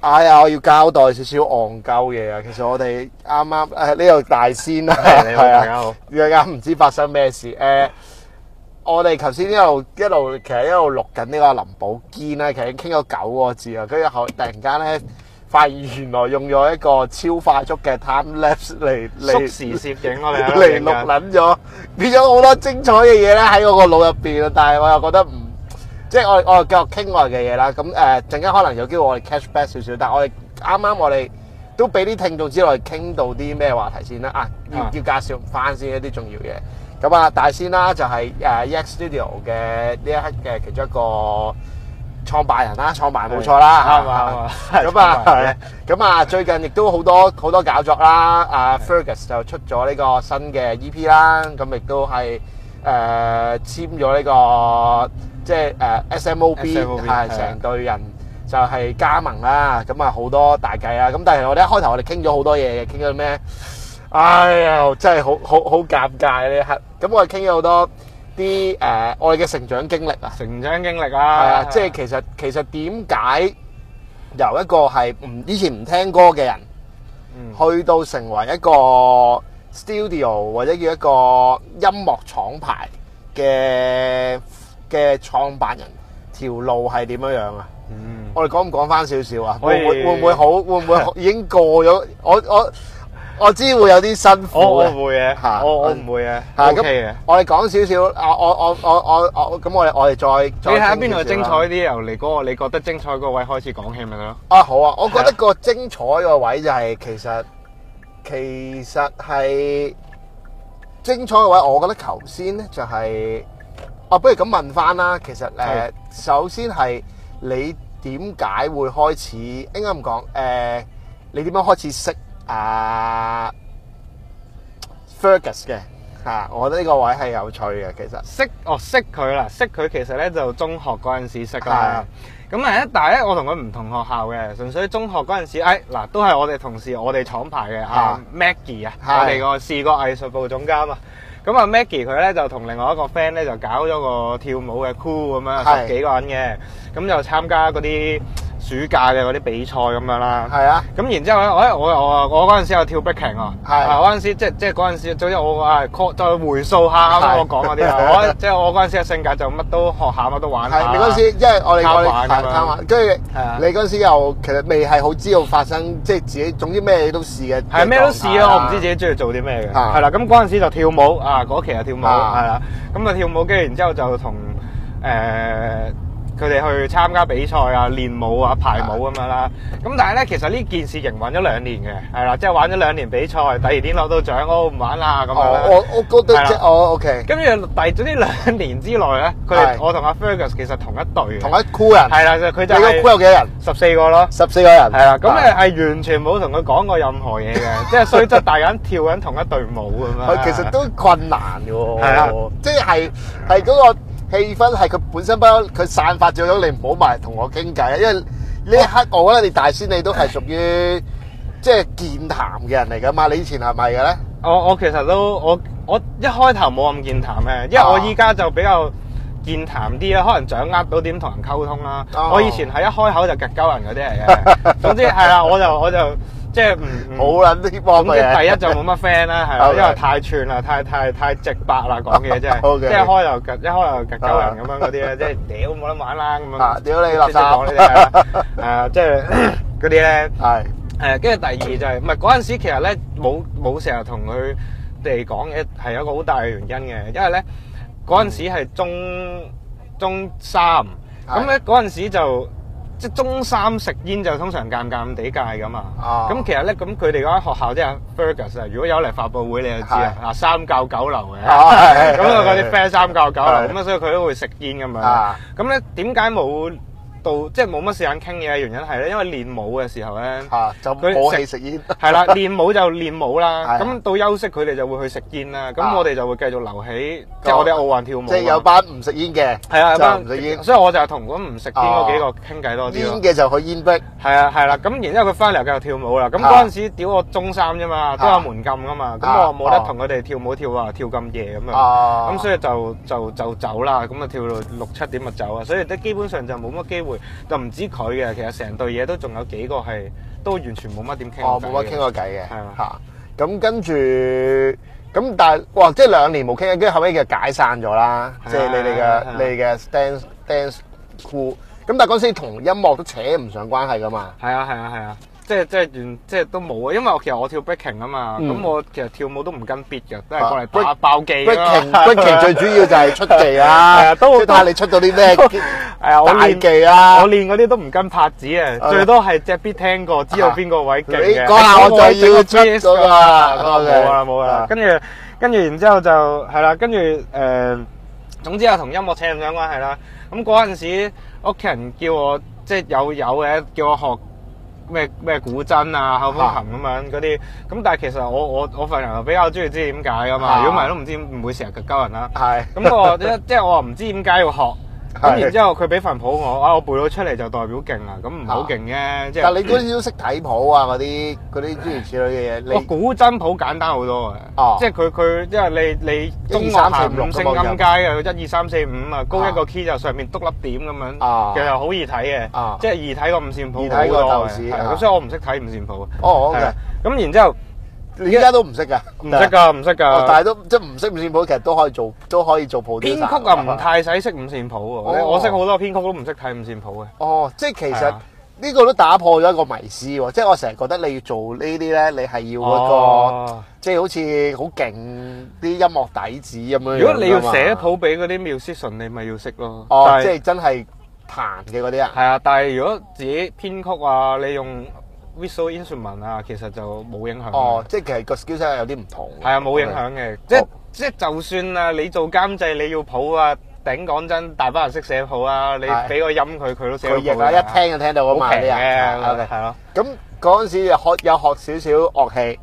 哎呀，我要交代少少戇鳩嘢啊！其實我哋啱啱誒呢度大仙啊，你啊， 大家好。啱啱唔知發生咩事誒、呃？我哋頭先呢度一路其實一路錄緊呢個林寶堅啦，其實傾咗九個字啊，跟住後突然間咧發現原來用咗一個超快速嘅 time lapse 嚟嚟縮時攝影我哋嚟錄捻咗，的變咗好多精彩嘅嘢咧喺我個腦入邊啊！但係我又覺得唔～即係我哋我哋繼續傾我哋嘅嘢啦，咁誒，陣間可能有機會我哋 cash back 少少，但係我哋啱啱我哋都俾啲聽眾之內傾到啲咩話題先啦，啊，要要介紹翻先一啲重要嘢，咁啊，大仙啦就係誒 Yack Studio 嘅呢一刻嘅其中一個創辦人啦，創辦冇錯啦，啱啊，咁啊，咁啊，最近亦都好多好多搞作啦，阿 Fergus 就出咗呢個新嘅 EP 啦，咁亦都係誒簽咗呢個。即係誒 SMOB 係成隊人就係加盟啦，咁啊好多大計啦。咁但係我哋一開頭我哋傾咗好多嘢嘅，傾咗咩？哎呀，真係好好好尷尬呢！係咁我哋傾咗好多啲誒，我哋嘅成長經歷啊，成長經歷啊，即係其實其實點解由一個係唔以前唔聽歌嘅人去到成為一個 studio 或者叫一個音樂廠牌嘅嘅創辦人條路係點樣樣啊？嗯，我哋講唔講翻少少啊？會會會唔會好？會唔會已經過咗？我我我知會有啲辛苦嘅吓，我我唔會啊。吓。咁我哋講少少啊！我我我我我咁我哋我哋再你喺邊度精彩啲？由嚟嗰個你覺得精彩嗰位開始講起咪得咯？啊好啊！我覺得個精彩個位就係其實對其實係精彩個位，我覺得頭先咧就係啊，不如咁問翻啦。其實誒、呃，首先係你點解會開始，應該咁講誒？你點樣開始識啊？Fergus 嘅嚇、啊，我覺得呢個位係有趣嘅。其實識哦，識佢啦，識佢其實咧就中學嗰陣時識啦。咁啊的，但係咧我同佢唔同學校嘅，純粹中學嗰陣時，哎嗱，都係我哋同事，我哋廠牌嘅嚇，Maggie 啊，Maggie, 的我哋個視覺藝術部總監啊。咁啊，Maggie 佢咧 就同另外一個 friend 咧就搞咗個跳舞嘅 crew 咁樣，十 幾個人嘅，咁 就參加嗰啲。暑假嘅嗰啲比賽咁樣啦，係啊，咁然之後咧，我我我我嗰陣時有跳 breaking 啊，係嗰陣時即即嗰陣時，總之我啊再回溯下啱啱我講嗰啲，我即我嗰陣時嘅性格就乜都學下，乜都玩。你嗰陣時，因為我哋我哋玩，跟住係啊，你嗰陣時又其實未係好知道發生，即自己總之咩都試嘅，係咩都試啊。我唔知自己中意做啲咩嘅，係啦。咁嗰陣時就跳舞啊，嗰期啊跳舞。係啦，咁就跳舞跟住，然之後就同誒。佢哋去參加比賽啊，練舞啊，排舞咁樣啦。咁但係咧，其實呢件事營運咗兩年嘅，係啦，即係玩咗兩年比賽，第二年攞到獎，我唔玩啦咁樣。我我覺得即係哦，OK。咁啊，第係喺呢兩年之內咧，佢哋，我同阿 Fergus 其實同一隊，同一 group 人。係啦，佢就係。你有幾多人？十四個咯，十四個人。係啦，咁咧係完全冇同佢講過任何嘢嘅，即係所以就大家跳緊同一隊舞咁樣。佢其實都困難嘅喎，係啊，即係係嗰個。氣氛係佢本身不，佢散發咗，咗你唔好埋同我傾偈啊！因為呢一刻，我覺得你大仙你都係屬於，oh。即係健談嘅人嚟噶嘛？你以前係咪嘅咧？我我其實都我我一開頭冇咁健談嘅，因為我依家就比較健談啲啦，可能掌握到點同人溝通啦。Oh。我以前係一開口就夾鳩人嗰啲嚟嘅，總之係啦， 我就我就。即係唔好啦啲咁嘅，第一就冇乜 friend 啦，係因為太串啦，太太太直白啦，講嘢真係，即係開頭夾，一開頭夾鳩人咁樣嗰啲咧，即係屌冇得玩啦咁樣，屌你垃圾！誒，即係嗰啲咧，係誒。跟住第二就係唔係嗰陣時，其實咧冇冇成日同佢哋講嘢，係一個好大嘅原因嘅，因為咧嗰陣時係中中三，咁咧嗰陣時就。即中三食煙就通常尷尷地界㗎嘛。咁、啊、其實咧咁佢哋嗰間學校即係 Fergus 啊，如果有嚟發布會你就知啊。嗱三教九流嘅，咁啊嗰啲 friend 三教九流，咁啊所以佢都會食煙咁樣，咁咧點解冇？嗯即係冇乜時間傾嘢嘅原因係咧，因為練舞嘅時候咧，嚇就冇食煙，係啦，練舞就練舞啦。咁到休息佢哋就會去食煙啦。咁我哋就會繼續留喺即係我哋奧運跳舞、啊，即係有班唔食煙嘅，係啊，有班唔食煙。所以我就係同咁唔食煙嗰幾個傾偈多啲。唔食煙嘅就去煙壁。係啊，係啦。咁然之後佢翻嚟又繼續跳舞啦。咁嗰陣時屌我中三啫嘛，都有門禁噶嘛。咁我冇得同佢哋跳舞跳啊，跳咁夜咁樣。咁所以就就就，就走啦。咁啊跳到六七點就走啊。所以都基本上就冇乜機會。就唔知佢嘅，其實成隊嘢都仲有幾個係都完全冇乜點傾。冇乜傾過偈嘅，係嘛是、啊啊？咁跟住咁，但係哇，即係兩年冇傾，跟住後尾就解散咗啦。即係是、啊、你哋嘅你哋嘅 dance dance crew。咁但係嗰陣時同音樂都扯唔上關係㗎嘛？係啊係啊係啊！即係即係，即係都冇啊！因為我其實我跳 breaking 啊嘛，咁我其實跳舞都唔跟 beat 嘅，都係過嚟打爆技。breaking breaking 最主要就係出技啊！都都睇下你出到啲咩？大技啦！我練嗰啲都唔跟拍子啊，最多係隻 beat 聽過，知道邊個位勁嘅。嗰下我就要出咗啦，嗰下冇啦冇啦。跟住跟住，然之後就係啦，跟住誒，總之係同音樂聽咁樣關係啦。咁嗰陣時，屋企人叫我即係有有嘅，叫我學。咩咩古箏啊、口風琴咁樣嗰啲，咁的但係其實我我我份人比較中意知點解㗎嘛，如果唔係都唔知唔會成日教人啦、啊。係是的，咁 我即即我唔知點解要學。咁然之後佢俾份譜我，啊我背到出嚟就代表勁喇！咁唔好勁嘅，即係。但係你啲都識睇譜啊，嗰啲嗰啲諸如此類嘅嘢。你古箏譜簡單好多嘅，即係佢佢，因為你你中樂下五星音階啊，一二三四五啊，高一個 key 就上面篤粒點咁樣。其實好易睇嘅，即係易睇個五線譜好多嘅。咁所以我唔識睇五線譜哦，咁然之後。你依家都唔識噶，唔識噶，唔識噶。但係都即係唔識五線譜，其實都可以做，都可以做譜。編曲啊，唔太使識五線譜喎。哦、我識好多編曲都唔識睇五線譜嘅。哦，即係其實呢個都打破咗一個迷思喎。的即係我成日覺得你要做呢啲咧，你係要嗰、嗰個，哦、即係好似好勁啲音樂底子咁樣。如果你要寫譜俾嗰啲 musician，你咪要識咯。哦，但即係真係彈嘅嗰啲啊。係啊，但係如果自己編曲啊，你用 violin instrument 啊，其實就冇影響。哦，即係其實個 skillset 有啲唔同。係啊，冇影響嘅。即即，就算啊，你做監製，你要譜啊，頂，講真，大把人識寫譜啊。你俾個音佢，佢都寫。佢而家一聽就聽到，好平嘅。係咯。咁嗰陣時學有學少少樂器，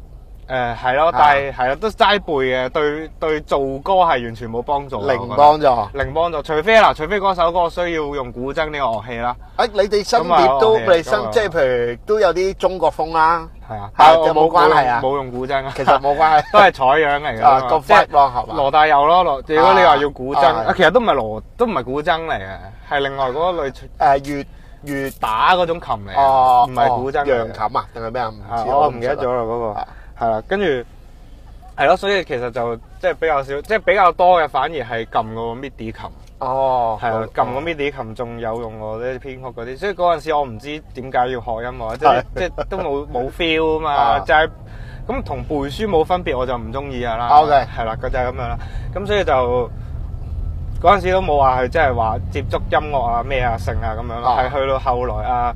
誒，係咯，但係係咯，都齋背嘅，對對做歌係完全冇幫助，零幫助，零幫助，除非嗱，除非嗰首歌需要用古箏呢個樂器啦。誒，你哋新碟都咪新，即係譬如都有啲中國風啦。係啊，又冇關係啊，冇用古箏啊，其實冇關係，都係採樣嚟噶。個佛樂係嘛？羅大佑咯，如果你話要古箏，其實都唔係羅，都唔係古箏嚟嘅，係另外嗰類誒，越粵打嗰種琴嚟。哦唔係古箏嘅。揚琴啊？定係咩啊？我唔記得咗啦，嗰個。係啦，跟住係咯，所以其實就即係比較少，即係比較多嘅反而係撳個 midi 琴。哦、oh，係啊，撳個 midi 琴仲，有用我啲編曲嗰啲，所以嗰陣時我唔知點解要學音樂， 即係即係都冇冇 feel 啊嘛， 的就係咁同背書冇分別，我就唔中意啊啦。OK，係啦，就係、是、咁樣啦。咁所以就嗰陣時都冇話係即係話接觸音樂啊咩啊性啊咁樣咯，係 去到後來啊。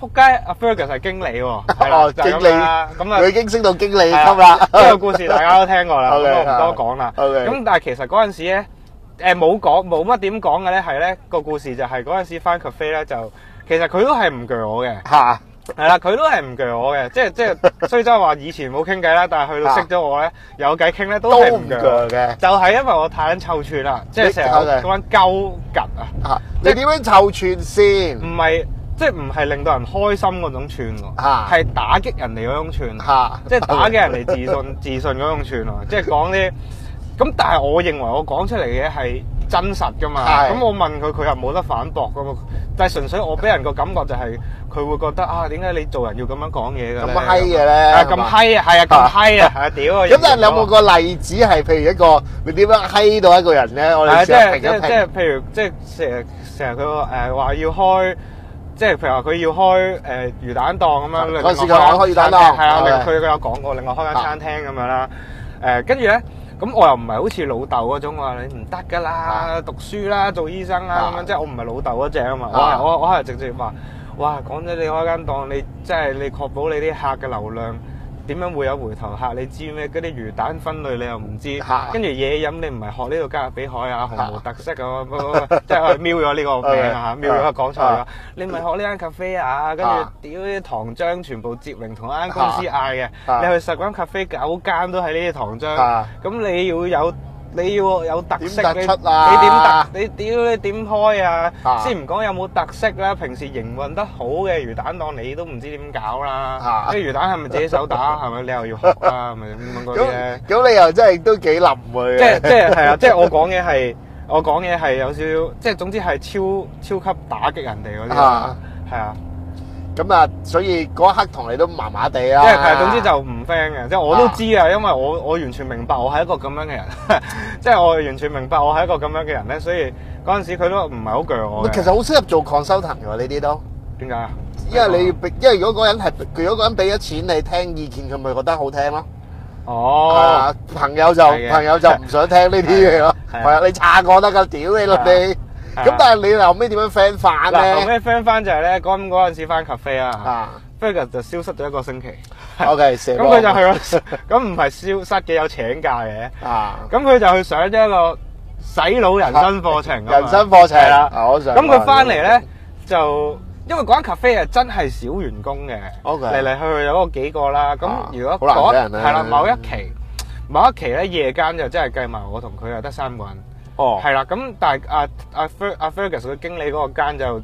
仆街，阿 Fergus 係經理喎，係咯，經理咁啊，佢已經升到經理級啦。呢個故事大家都聽過啦，我唔多講啦。咁但係其實嗰陣時咧，誒冇講冇乜點講嘅咧，係咧個故事就係嗰陣時返 cafe 咧就，其實佢都係唔鋸我嘅，吓係啦，佢都係唔鋸我嘅，即係即係，雖然即係話以前冇傾偈啦，但係去到識咗我咧，有偈傾咧都係唔鋸我嘅，就係因為我太捻臭串啦，即係成日我嗰陣勾緊啊，你點樣臭串先？唔係。即係唔係令到人開心嗰種串喎，係打擊人哋嗰種串，即係打擊人哋自信、自信嗰種串咯。即係講啲咁，但係我認為我講出嚟嘅嘢係真實噶嘛。咁我問佢，佢又冇得反駁噶嘛。但係純粹我俾人個感覺就係佢會覺得啊，點解你做人要咁樣講嘢噶咁閪嘅咧？咁閪係啊，咁閪啊，啊屌！咁但係你有冇個例子係，譬如一個你點樣閪到一個人咧？我哋即係即係即係，譬如即係成成日佢誒話要開。即係譬如話佢要開誒魚蛋檔咁樣，開魚蛋檔係啊，佢佢有講過，另外開間餐廳咁樣啦。誒的，跟住咧，咁我又唔係好似老豆嗰種話，你唔得㗎啦，的讀書啦，做醫生啦咁的樣。即係的我唔係老豆嗰隻啊嘛。我我我係直接話，哇！講咗你開間檔，你即係你確保你啲客嘅流量。點樣會有回頭客？你知咩？嗰啲魚蛋分類你又唔知，跟住嘢飲你唔係學呢度加勒比海啊，毫無特色咁，即係瞄咗呢個名嚇，瞄咗 講錯咗。你唔係學呢間 cafe 啊，跟住屌啲糖漿全部接榮同一間公司嗌嘅，啊、你去十間 cafe 九間都喺呢啲糖漿，咁、啊、你要有。你要有特色，特色你你點突？你點你點開啊？係啊先唔講有冇特色啦，平時營運得好嘅魚蛋檔，你都唔知點搞啦、啊。啲係、啊、魚蛋係咪自己手打？係咪你又要學，係咪咁你又真係都幾立會，即係即係係啊！即、就、係、是、我講嘢係我講嘢係有少少，即、就、係、是、總之係超超級打擊人哋嗰啲啊！啊。咁啊，所以嗰一刻同你都麻麻地啊，即係，總之就唔 friend 嘅。即係我都知啊，因為我我完全明白我係一個咁樣嘅人，即係我完全明白我係一個咁樣嘅人咧。所以嗰陣時佢都唔係好鋸我嘅。唔，其實好適合做 consultant 嘅呢啲都。點解啊？因為你要，因為如果嗰人係，如果嗰人俾咗錢你聽意見，佢咪覺得好聽咯。哦。啊，朋友就朋友就唔想聽呢啲嘢咯。係啊，你炸我啦，夠屌你啦你。咁但係你後尾點樣 friend 翻咧？後尾 friend 翻就係咧，嗰陣嗰陣時翻咖啡啊，figure 就消失咗一個星期。OK，咁佢就去咗，咁唔係消失嘅，有請假嘅。啊，咁佢就去上咗一個洗腦人生課程。人生課程係啦，我上。咁佢翻嚟咧，就因為嗰間咖啡係真係少員工嘅，嚟嚟去去有嗰幾個啦。咁如果好難係啦，某一期某一期咧，夜間就真係計埋我同佢又得三個人。哦，係啦，咁但係阿阿 Fergus 嘅經理嗰個間就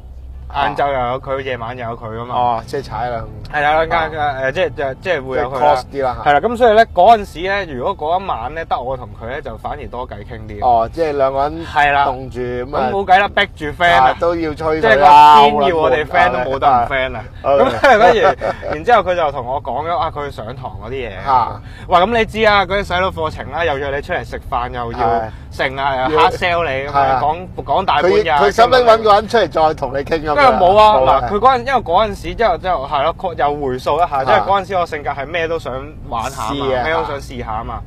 晏晝又有佢，夜晚又有佢啊嘛。哦，即係踩啦。係啦，兩間誒即係即係即係會有佢啦。係啦，咁所以咧嗰陣時咧，如果嗰一晚咧得我同佢咧，就反而多偈傾啲。哦，即係兩個人凍住咁。冇計啦，逼住 friend 啊，都要吹啦。即係我偏要我哋 friend 都冇得唔 friend 啊。咁跟住，然之後佢就同我講咗啊，佢要上堂嗰啲嘢。吓，哇，咁你知啊，嗰啲洗腦課程啦，又約你出嚟食飯，又要。成啊 hard sell 你咁啊，講講大半日。佢使唔使揾個人出嚟再同你傾咁？因為冇啊，嗱，佢嗰陣因為嗰陣時之後之後係咯，又回溯一下，因為嗰陣時我性格係咩都想玩下啊，咩都想試下啊嘛。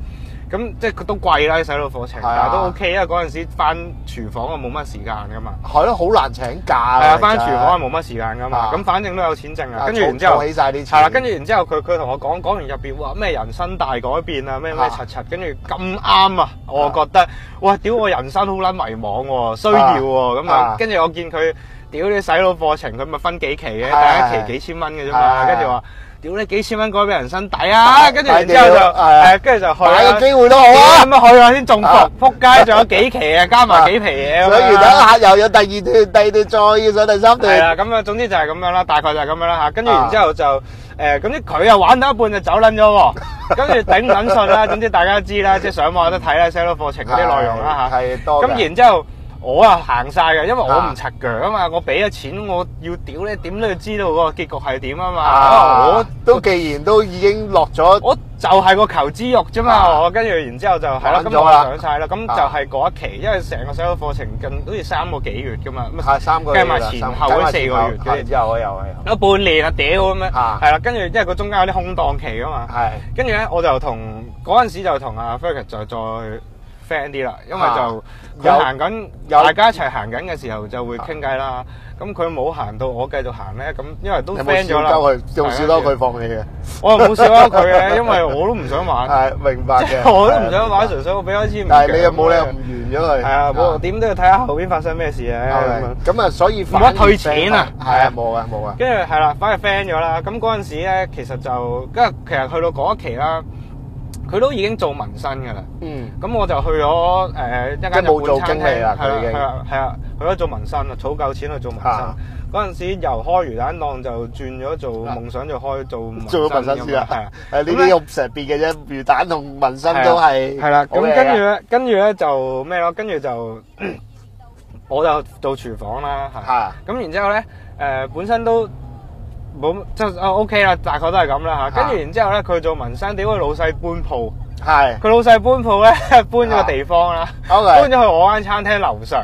咁即係佢都貴啦啲洗腦課程，但係都 OK，因為嗰陣時翻廚房啊，冇乜時間噶嘛，係咯，好難請假，係啊，翻廚房啊，冇乜時間噶嘛，咁反正都有錢剩啊，跟住然之後係啦，跟住然之後佢佢同我講，講完入邊話咩人生大改變啊咩咩柒柒，跟住咁啱啊，我覺得哇屌我人生好撚迷茫喎，需要喎咁啊，跟住我見佢屌啲洗腦課程佢咪分幾期嘅，第一期幾千蚊嘅啫嘛，跟住話。屌你幾千蚊改俾人生抵啊！跟住然之後就係跟住就去啊，買個機會都好去啊！咁啊去下先中伏，撲街仲有幾期啊，加埋幾皮嘢。所以而下、啊、又有第二段、第二段，再要上第三段。係啊，咁啊，總之就係咁樣啦，大概就係咁樣啦嚇。跟、啊、住、啊啊、然之後就誒，咁啲佢又玩到一半就走撚咗喎。跟住頂唔順啦，總之大家都知啦，即係上網都睇啦 sell 課程嗰啲內容啦嚇。係多。咁然之後。我啊行晒嘅，因為我唔拆腳啊嘛，我俾咗錢，我要屌咧點都要知道個結局係點啊嘛！我都既然都已經落咗，我就係個求知欲啫嘛，我跟住然之後就係咯，咁我上晒啦，咁就係嗰一期，因為成個所有課程近好似三個幾月噶嘛，咁計埋前後四個月，跟住之後我又又，有半年啊屌咁樣，係啦，跟住因為個中間有啲空檔期啊嘛，係，跟住咧我就同嗰陣時就同阿 Frank 就再。friend 啲啦，因為就佢行緊，又大家一齊行緊嘅時候就會傾偈啦。咁佢冇行到，我繼續行咧。咁因為都 friend 咗啦，我仲笑多佢放棄嘅。我又冇笑多佢嘅，因為我都唔想玩。係明白嘅，我都唔想玩，純粹我比較之。但係你又冇理由唔完咗佢。係啊，點都要睇下後邊發生咩事啊咁樣。咁啊，所以唔得退錢啊。係啊，冇啊，冇啊。跟住係啦，反而 friend 咗啦。咁嗰陣時咧，其實就跟住其實去到嗰一期啦。佢都已經做紋身嘅啦，嗯，咁我就去咗誒一間餐廳做經理啦，佢已經係啊，去咗做紋身啦，儲夠錢去做紋身。嗰陣時由開魚蛋檔就轉咗做夢想就開做做紋身師啦，係啊，誒呢啲用石別嘅啫，魚蛋同紋身都係係啦。咁跟住咧，跟住咧就咩咯？跟住就我就做廚房啦，係。咁然之後咧，誒本身都。冇，即係 OK 啦，大概都係咁啦吓，跟、啊、住、啊、然之後咧，佢做紋身，點解佢老細搬鋪？係佢、啊、老細搬鋪咧，搬咗個地方啦，啊 okay、搬咗去我間餐廳樓上。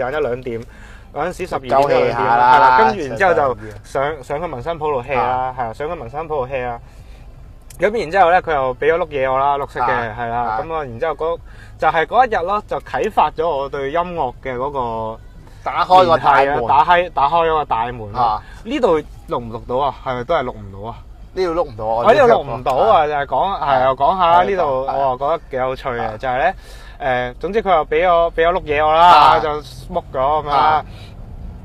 晏咗兩點，嗰陣時十二點啦，係啦，跟住然之後就上上個紋身鋪度 hea 啦，係啊，上個紋身鋪度 hea 啊，咁然之後咧佢又俾咗碌嘢我啦，綠色嘅，係啦，咁啊，然之後嗰就係嗰一日咯，就啟發咗我對音樂嘅嗰個打開個大門，打開打開一個大門啊！呢度錄唔錄到啊？係咪都係錄唔到啊？呢度錄唔到，呢度錄唔到啊！就係講，係啊，講下呢度，我啊覺得幾有趣嘅，就係咧。誒，總之佢又俾我俾我碌嘢我啦，就碌咗咁啊。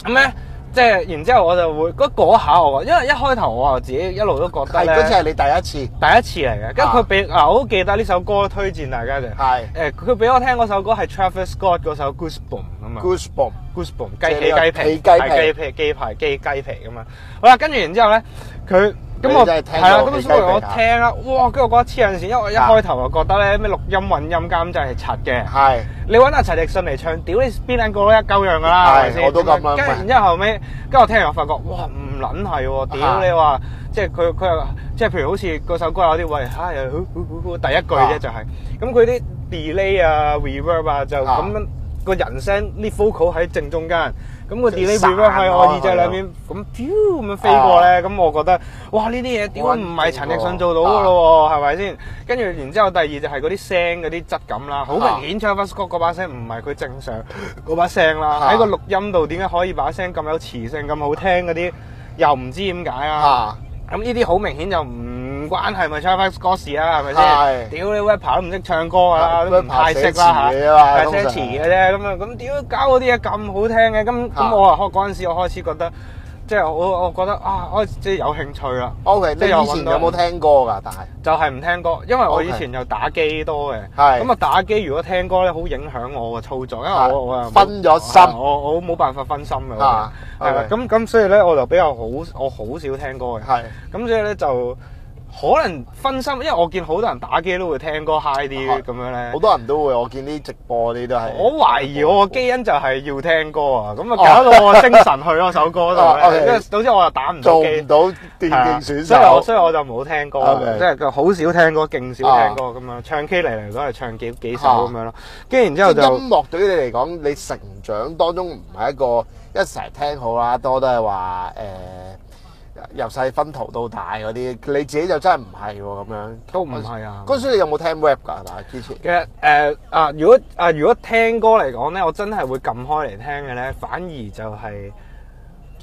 咁咧，即係然之後，我就會嗰下我，因為一開頭我我自己一路都覺得咧，嗰次係你第一次第一次嚟嘅。跟住佢俾啊，我好記得呢首歌推薦大家嘅係誒，佢俾我聽嗰首歌係 Travis Scott 嗰首《Goosebumps》啊嘛，《Goosebumps》《Goosebumps》雞皮雞皮雞皮雞皮雞雞皮咁啊。好啦，跟住然之後咧，佢。咁我係啦，咁所以我聽啦，哇！跟住我覺得黐線，因為一開頭我覺得咧咩錄音混音監製係柒嘅，係你揾阿陳奕迅嚟唱，屌你邊撚個都一鳩樣㗎啦，係我都咁撚，跟住然之後後尾，跟住我聽完我發覺，哇！唔撚係喎，屌你話，即係佢佢又即係譬如好似嗰首歌有啲喂，唉，好好好好，第一句啫就係，咁佢啲 delay 啊 reverb 啊就咁樣個人聲 live vocal 喺正中間。咁個 delay effect 喺我耳仔兩邊咁飆咁樣飛過咧，咁我覺得，哇，呢啲嘢點解唔係陳奕迅做到嘅咯？係咪先？跟住然之後第二就係啲聲啲質感啦，好明顯唱 Charles Scott 嗰把聲唔係佢正常把聲啦，喺個錄音度點解可以把聲咁有磁性咁好聽啲，又唔知點解啊？吓，咁呢啲好明顯就唔～關係咪猜翻歌詞啊？係咪先？屌你，rapper 都唔識唱歌啊！都太識啦嚇，太奢侈嘅啫。咁啊咁，點搞嗰啲嘢咁好聽嘅咁咁，我啊開嗰陣時，我開始覺得即係我我覺得啊，開即係有興趣啦。OK，你以前有冇聽歌噶？但係就係唔聽歌，因為我以前就打機多嘅。係咁啊，打機如果聽歌咧，好影響我嘅操作，因為我我啊分咗心，我我冇辦法分心嘅。啊，係啦，咁咁所以咧，我就比較好，我好少聽歌嘅。係咁，所以咧就。可能分心，因為我見好多人打機都會聽歌 high 啲咁樣咧。好多人都會，我見啲直播啲都係。我懷疑我個基因就係要聽歌啊，咁啊搞到我精神去嗰首歌度咧。因為總之我又打唔到機，做唔到電競選手。所以所以我就冇聽歌，即係好少聽歌，勁少聽歌咁樣。唱 K 嚟嚟都係唱幾幾首咁樣咯。跟住然之後就音樂對於你嚟講，你成長當中唔係一個一成日聽好啦，多都係話誒。由細分頭到大嗰啲，你自己就真係唔係喎，咁樣都唔係啊。嗰時你有冇聽 rap 噶？嗱，之前其實誒啊、呃呃，如果啊、呃、如果聽歌嚟講咧，我真係會撳開嚟聽嘅咧，反而就係、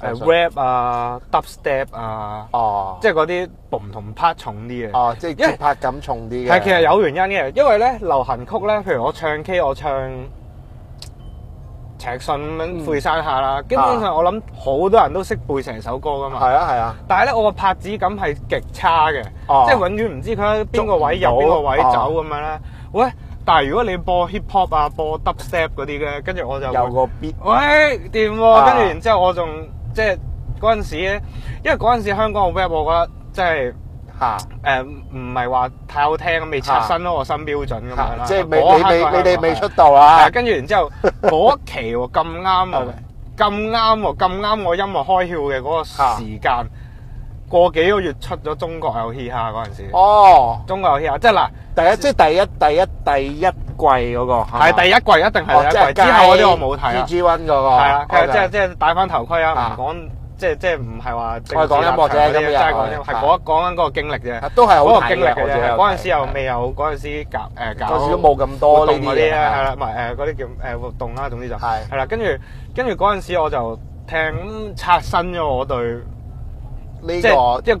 是、誒、呃啊、rap 啊 dubstep 啊，哦，哦，即係嗰啲唔同 part 重啲嘅，哦，即係節拍感重啲嘅。係其實有原因嘅，因為咧流行曲咧，譬如我唱 K，我唱。劇信咁樣背曬下啦，嗯啊、基本上我諗好多人都識背成首歌噶嘛。係啊係啊。啊但係咧，我個拍子感係極差嘅，啊、即係永遠唔知佢喺邊個位入邊個位走咁樣咧。啊、喂，但係如果你播 hip hop 啊，播 Dubstep 嗰啲嘅，跟住我就有個 Beat。喂，掂喎、啊！跟住、啊、然之後我，我仲即係嗰陣時咧，因為嗰陣時香港嘅 rap，我覺得即係。吓，誒，唔係話太好聽咁，未出新咯個新標準咁樣啦。即係未，未，未，你未出道啊？係跟住然之後，一期咁啱，咁啱，咁啱我音樂開竅嘅嗰個時間，過幾個月出咗《中國有嘻哈》嗰陣時。哦，《中國有嘻哈》即係嗱，第一，即係第一、第一、第一季個，係第一季，一定係第一季。之後嗰啲我冇睇。G One 個係啊，即係即係戴翻頭盔啊，唔講。即係即係唔係話，淨係講音樂啫，齋講音樂係講講緊嗰個經歷啫。都係嗰個經歷嘅啫。嗰陣時又未有，嗰陣時搞誒搞。嗰時都冇咁多呢啲嘢，係啦，唔係誒嗰啲叫誒活動啦。總之就係啦，跟住跟住嗰陣時我就聽，刷新咗我對呢個。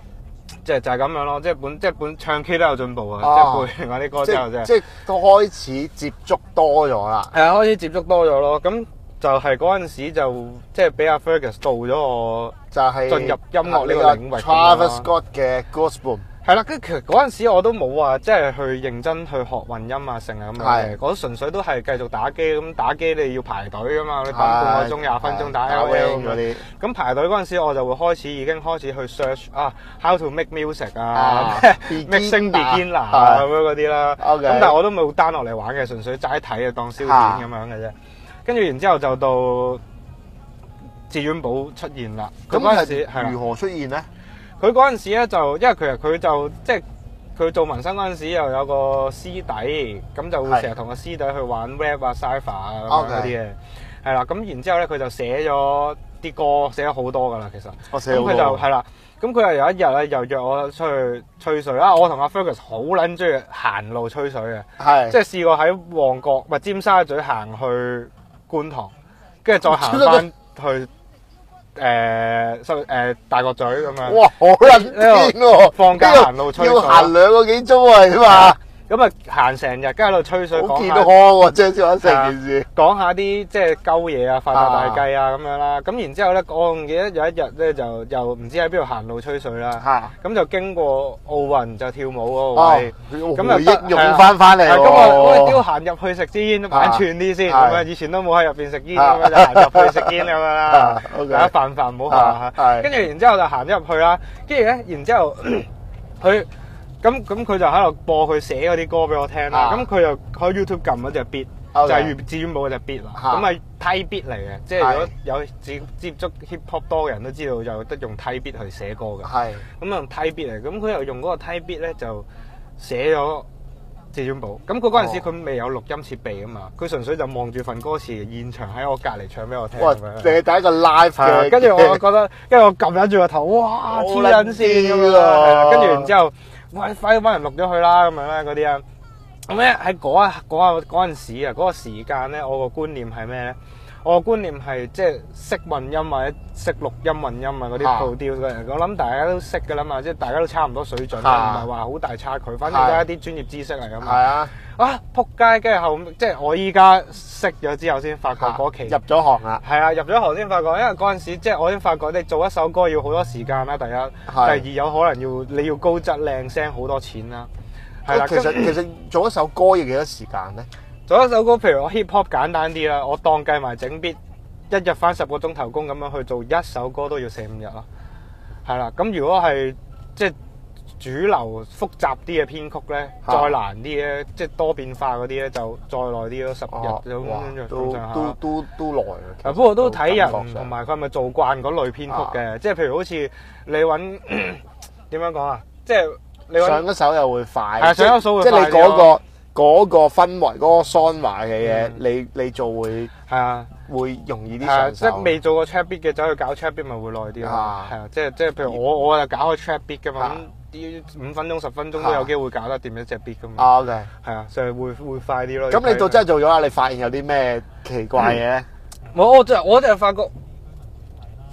即係就係咁樣咯，即係本即係本唱 K 都有進步啊，即係背嗰啲歌之後即係即係開始接觸多咗啦。係啊，開始接觸多咗咯。咁就係嗰陣時就即係俾阿 Fergus 導咗我，就係進入音樂呢個領域。Travis Scott 嘅《Goosebumps》係啦，跟住其實嗰陣時我都冇話即係去認真去學混音啊，成日咁樣。係，我都純粹都係繼續打機，咁打機你要排隊噶嘛，你半個鐘廿分鐘打 L O N 啲。咁排隊嗰陣時，時我就會開始已經開始去 search 啊，how to make music 啊，make music beginner 啊咁樣嗰啲啦。咁但係我都冇 down 落嚟玩嘅，純粹齋睇啊，當消遣咁樣嘅啫。跟住然之後就到志願寶出現啦。咁嗰陣時係如何出現咧？佢嗰陣時咧就，因為其實佢就即係佢做紋身嗰陣時又有個師弟，咁就成日同個師弟去玩 rap 啊 Okay.、cypher 啊嗰啲嘢。係啦。咁然之後咧，佢就寫咗啲歌，寫咗好多噶啦。其實，咁佢、哦、就係啦。咁佢又有一日咧，又約我出去吹水啊！我同阿 Fergus 好撚中意行路吹水嘅，的即係試過喺旺角唔係尖沙咀行去觀塘，跟住再行翻去、嗯。嗯誒，收誒、呃呃、大角嘴咁樣，哇好人天喎、啊，放假邊行路吹水要行兩個幾鐘係、啊、嘛。 咁啊，行成日都喺度吹水，好健康喎，即係成件事。講下啲即係鳩嘢啊，發達大計啊咁樣啦。咁然之後咧，我唔記得有一日咧就又唔知喺邊度行路吹水啦。咁就經過奧運就跳舞嗰咁又得用翻翻嚟。咁我我屌行入去食支煙，玩串啲先。咁以前都冇喺入邊食煙，咁樣就行入去食煙咁樣啦。大家煩煩唔好行。跟住然之後就行咗入去啦。跟住咧，然之後佢。咁咁，佢就喺度播佢寫嗰啲歌俾我聽啦。咁佢就喺 YouTube 撳嗰隻 beat，就係《至尊寶》嗰隻 beat 啦。咁係 type beat 嚟嘅，即係如果有接接觸 hip hop 多人都知道，就得用 type beat 去寫歌嘅。咁用 type beat 嚟，咁佢又用嗰個 type beat 咧就寫咗至尊寶。咁佢嗰陣時佢未有錄音設備啊嘛，佢純粹就望住份歌詞現場喺我隔離唱俾我聽。哇！第一就 live 跟住我覺得，跟住我撳緊住個頭，哇！黐線先喎，跟住然之後。快快啲幫人錄咗去啦！咁樣嗰啲啊，咁咧喺嗰一嗰個嗰陣、嗰個嗰個、時啊，嗰、嗰個時間咧，我個觀念係咩咧？我觀念係即係識混音或者識錄音混音啊嗰啲鋪雕嘅人，是的 我諗大家都識嘅啦嘛，即係大家都差唔多水準，唔係話好大差距。反正都係一啲專業知識嚟㗎嘛。是的 啊，仆街！跟住後，即係我依家識咗之後先發覺嗰期入咗行啦。係啊，入咗行先發覺，因為嗰陣時即係我先發覺，你做一首歌要好多時間啦，第一，是的 第二有可能要你要高質靚聲好多錢啦。係啦，其實, 其實,其實做一首歌要幾多時間咧？做一首歌，譬如我 hip hop 簡單啲啦，我當計埋整 beat，一日返十個鐘頭工咁樣去做一首歌都要四五日啦，係啦。咁如果係即係主流複雜啲嘅編曲咧，再難啲咧，即係多變化嗰啲咧，就再耐啲咯，十日。哇！都都都都耐不過都睇人，同埋佢係咪做慣嗰類編曲嘅，即係譬如好似你搵點樣講啊，即係上一首又會快，即係你嗰個。嗰個氛圍、嗰個氛圍嘅嘢，你你做會係啊，會容易啲上手。係啊，即係未做過 chat beat 嘅，走去搞 chat beat 咪會耐啲咯。係啊，即係即係譬如我我就搞個 chat beat 㗎嘛，啲五分鐘、十分鐘都有機會搞得掂一隻 beat 咁啊。O K，係啊，所以會會快啲咯。咁你到真係做咗啊？你發現有啲咩奇怪嘅嘢？冇，就我就發覺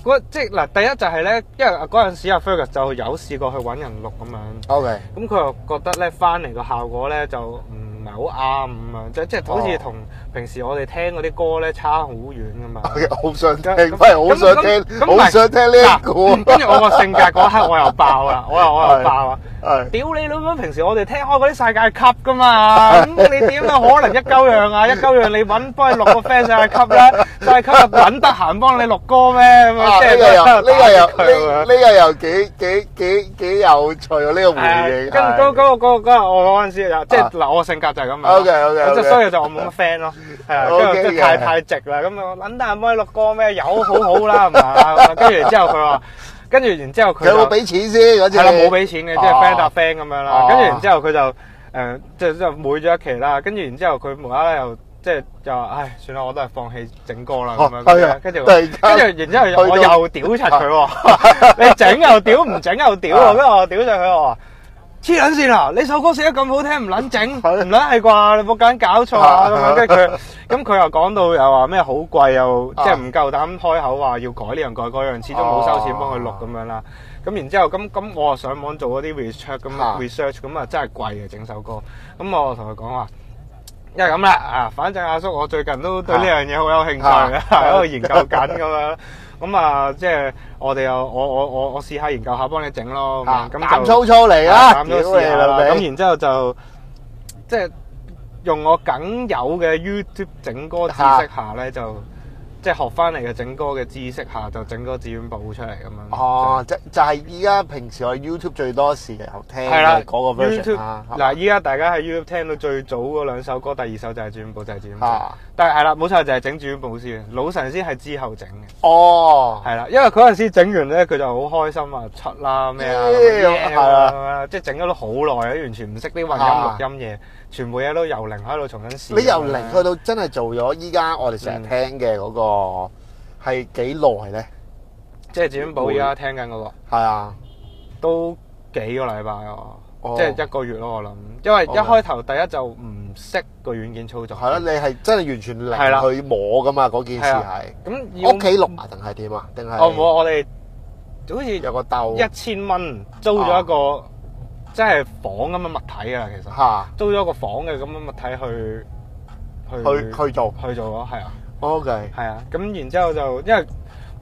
嗰即係嗱，第一就係咧，因為嗰陣時阿 Fergus 就有試過去揾人錄咁樣。O K，咁佢又覺得咧翻嚟個效果咧就唔。唔係好啱啊！即即好似同平時我哋聽嗰啲歌咧差好遠噶嘛，好想聽，唔好想聽，好想聽呢跟住我個性格嗰刻我又爆啦，我又我又爆啦。屌你老母！平時我哋聽開嗰啲世界級噶嘛，咁你點樣可能一鳩樣啊，一鳩樣？你揾幫你錄個 friend 世界級咧，世界級又揾得閒幫你錄歌咩？咁呢呢個又呢個又幾幾幾幾有趣啊！呢個回應。跟住嗰嗰我嗰陣時即係嗱，我性格就係咁啊。O K O K 即所以就我冇乜 friend 咯。係啊，跟住太太直啦，咁啊，諗得阿妹六哥咩，有好好啦，係嘛，跟住之後佢話，跟住然之後佢，有冇俾錢先嗰隻？係啦，冇俾錢嘅，即係 friend 搭 friend 咁樣啦。跟住然之後佢就誒，即係即係每咗一期啦。跟住然之後佢無啦啦又即係就話，唉，算啦，我都係放棄整歌啦咁樣。跟住，跟住，然之後我又屌柒佢，你整又屌，唔整又屌，跟住我屌晒佢啊！黐撚線啊，你首歌寫得咁好聽，唔撚整，唔撚係啩？你冇揀搞錯啊咁樣，咁佢 又講到又話咩好貴，又即係唔夠膽開口話要改呢樣改嗰樣，始終冇收錢幫佢錄咁樣啦。咁 然之後咁咁，我上網做嗰啲 rese research 咁啊 research 咁啊，真係貴啊整首歌。咁我同佢講話，因為咁啦啊，反正阿叔我最近都對呢樣嘢好有興趣，喺度研究緊咁樣。咁啊，即係我哋又，我我我我試下研究下，幫你整咯。啊，咁粗粗嚟啦，咁試下啦，咁然之後就即係用我僅有嘅 YouTube 整歌知識下咧、啊、就。即係學翻嚟嘅整歌嘅知識下，就整個志願報出嚟咁樣。哦，即對就係依家平時我 YouTube 最多時有聽嘅嗰個 YouTube 吧。嗱，依家大家喺 YouTube 聽到最早嗰兩首歌，第二首就係志願報，就係志願報。啊、但係係啦，冇錯就係整志願報先，老神先係之後整嘅。哦，係啦，因為嗰陣時整完咧，佢就好開心啊，出啦咩啊，係即係整咗都好耐啊，完全唔識啲混音錄、啊、音嘢樂。全部嘢都由零開始重新試。你由零去到真係做咗依家我哋成日聽嘅嗰個，係幾耐咧？即係至尊寶依家聽緊嗰個。係啊，都幾個禮拜啊，即係一個月咯。我諗，因為一開頭第一就唔識個軟件操作。係咯，你係真係完全零去摸噶嘛？嗰件事係。咁屋企錄啊定係點啊？定係？我冇，我哋好似有個竇一千蚊租咗一個。真係房咁嘅物體啊，其實租咗個房嘅咁嘅物體去去去做去做咯，係啊。O K，係啊。咁然之後就因為